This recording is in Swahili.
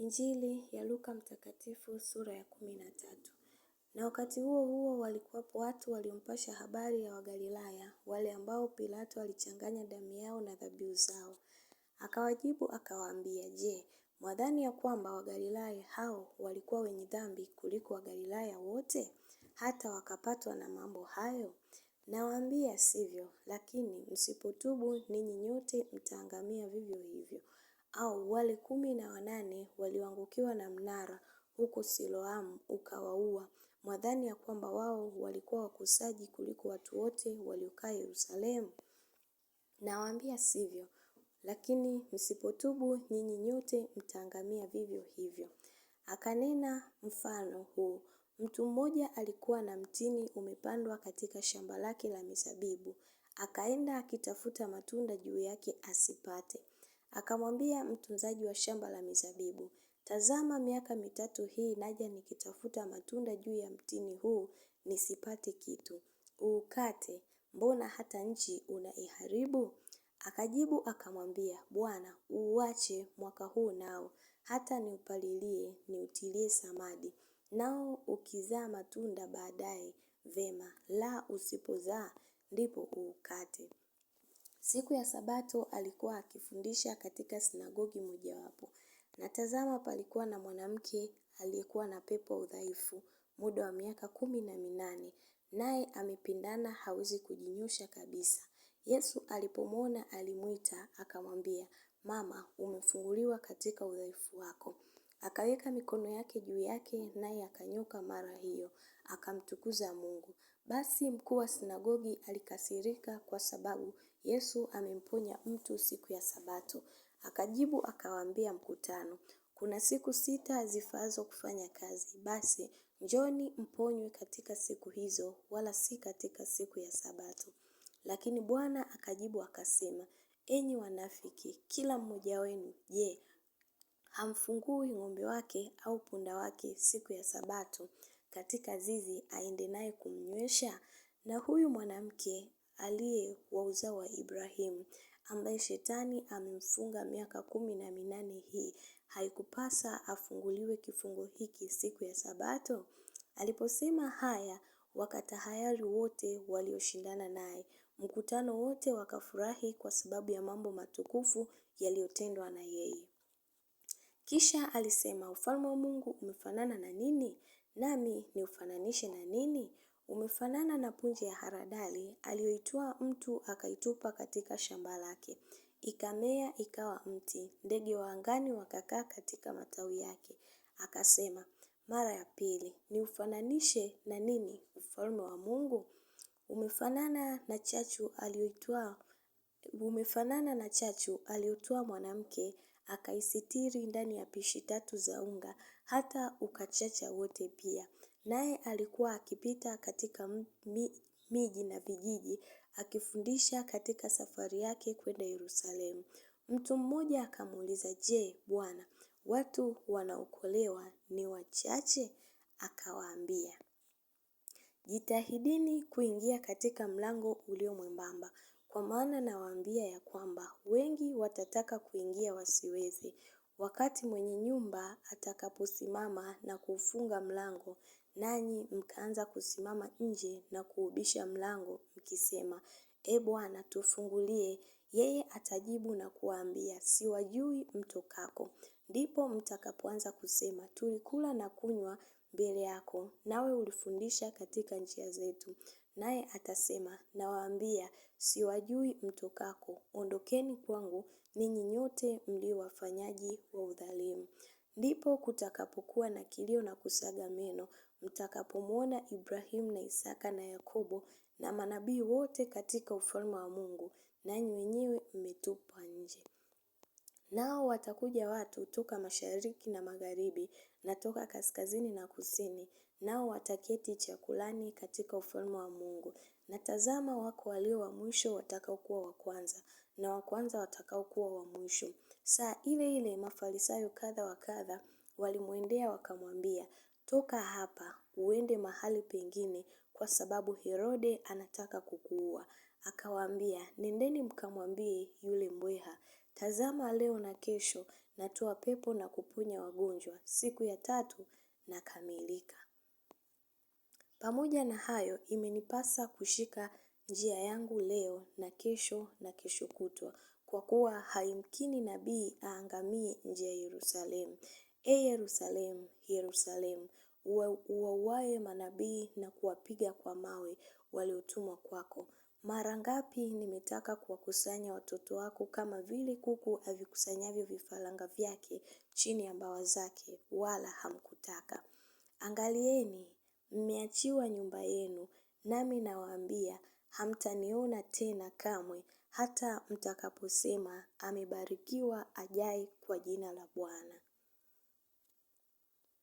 Injili ya Luka Mtakatifu sura ya kumi na tatu. Na wakati huo huo walikuwapo watu waliompasha habari ya Wagalilaya wale ambao Pilato alichanganya damu yao na dhabihu zao. Akawajibu akawaambia, Je, mwadhani ya kwamba Wagalilaya hao walikuwa wenye dhambi kuliko Wagalilaya wote hata wakapatwa na mambo hayo? Nawaambia sivyo, lakini msipotubu ninyi nyote mtaangamia vivyo hivyo au wale kumi na wanane walioangukiwa na mnara huko Siloamu ukawaua, mwadhani ya kwamba wao walikuwa wakusaji kuliko watu wote waliokaa Yerusalemu? Nawaambia sivyo, lakini msipotubu nyinyi nyote mtaangamia vivyo hivyo. Akanena mfano huu, mtu mmoja alikuwa na mtini umepandwa katika shamba lake la mizabibu, akaenda akitafuta matunda juu yake asipate. Akamwambia mtunzaji wa shamba la mizabibu, tazama miaka mitatu hii naja nikitafuta matunda juu ya mtini huu nisipate kitu. Uukate, mbona hata nchi unaiharibu? Akajibu akamwambia, Bwana, uuache mwaka huu nao, hata niupalilie, niutilie samadi, nao ukizaa matunda baadaye, vema; la usipozaa, ndipo uukate. Siku ya sabato alikuwa akifundisha katika sinagogi mojawapo. natazama palikuwa na mwanamke aliyekuwa na pepo udhaifu, muda wa miaka kumi na minane. Naye amepindana hawezi kujinyosha kabisa. Yesu alipomwona alimwita akamwambia, Mama, umefunguliwa katika udhaifu wako. Akaweka mikono yake juu yake, naye akanyoka mara hiyo, akamtukuza Mungu. Basi mkuu wa sinagogi alikasirika kwa sababu Yesu amemponya mtu siku ya Sabato. Akajibu akawaambia mkutano, kuna siku sita zifaazo kufanya kazi, basi njoni mponywe katika siku hizo, wala si katika siku ya Sabato. Lakini Bwana akajibu akasema, enyi wanafiki, kila mmoja wenu, je, Hamfungui ng'ombe wake au punda wake siku ya Sabato katika zizi aende naye kumnywesha? Na huyu mwanamke aliye wa uzao wa Ibrahimu, ambaye Shetani amemfunga miaka kumi na minane hii, haikupasa afunguliwe kifungo hiki siku ya Sabato? Aliposema haya, wakatahayari wote walioshindana naye. Mkutano wote wakafurahi kwa sababu ya mambo matukufu yaliyotendwa na yeye. Kisha alisema ufalme wa Mungu umefanana na nini? Nami niufananishe na nini? Umefanana na punje ya haradali aliyoitoa mtu akaitupa katika shamba lake. Ikamea ikawa mti, ndege wa angani wakakaa katika matawi yake. Akasema mara ya pili, niufananishe na nini ufalme wa Mungu? Umefanana na chachu aliyoitwaa umefanana na chachu aliyotoa mwanamke akaisitiri ndani ya pishi tatu za unga hata ukachacha wote pia. Naye alikuwa akipita katika miji na vijiji akifundisha katika safari yake kwenda Yerusalemu. Mtu mmoja akamuuliza, Je, Bwana, watu wanaokolewa ni wachache? Akawaambia, Jitahidini kuingia katika mlango ulio mwembamba, kwa maana nawaambia ya kwamba wengi watataka kuingia wasiweze, wakati mwenye nyumba atakaposimama na kufunga mlango, nanyi mkaanza kusimama nje na kuubisha mlango, mkisema, e Bwana, tufungulie. Yeye atajibu na kuwaambia, siwajui mtokako. Ndipo mtakapoanza kusema, tulikula na kunywa mbele yako, nawe ulifundisha katika njia zetu. Naye atasema, nawaambia, siwajui mtokako. Ondokeni kwangu, ninyi nyote mlio wafanyaji wa udhalimu. Ndipo kutakapokuwa na kilio na kusaga meno, mtakapomwona Ibrahimu na Isaka na Yakobo na manabii wote katika ufalme wa Mungu, nanyi wenyewe mmetupwa nje. Nao watakuja watu toka mashariki na magharibi natoka kaskazini na kusini, nao wataketi chakulani katika ufalme wa Mungu. natazama wako walio wa mwisho watakaokuwa wa kwanza, na wa kwanza watakaokuwa wa mwisho. Saa ile ile Mafarisayo kadha wa kadha walimwendea wakamwambia, toka hapa uende mahali pengine, kwa sababu Herode anataka kukuua. Akawaambia, nendeni mkamwambie yule mbweha Tazama leo na kesho, natoa pepo na kuponya wagonjwa, siku ya tatu nakamilika. Pamoja na hayo, imenipasa kushika njia yangu leo na kesho na kesho kutwa, kwa kuwa haimkini nabii aangamie nje ya Yerusalemu. e Yerusalemu, Yerusalemu, uwauaye manabii na kuwapiga kwa mawe waliotumwa kwako. Mara ngapi nimetaka kuwakusanya watoto wako kama vile kuku avikusanyavyo vifaranga vyake chini ya mbawa zake, wala hamkutaka. Angalieni, mmeachiwa nyumba yenu, nami nawaambia, hamtaniona tena kamwe, hata mtakaposema amebarikiwa ajaye kwa jina la Bwana.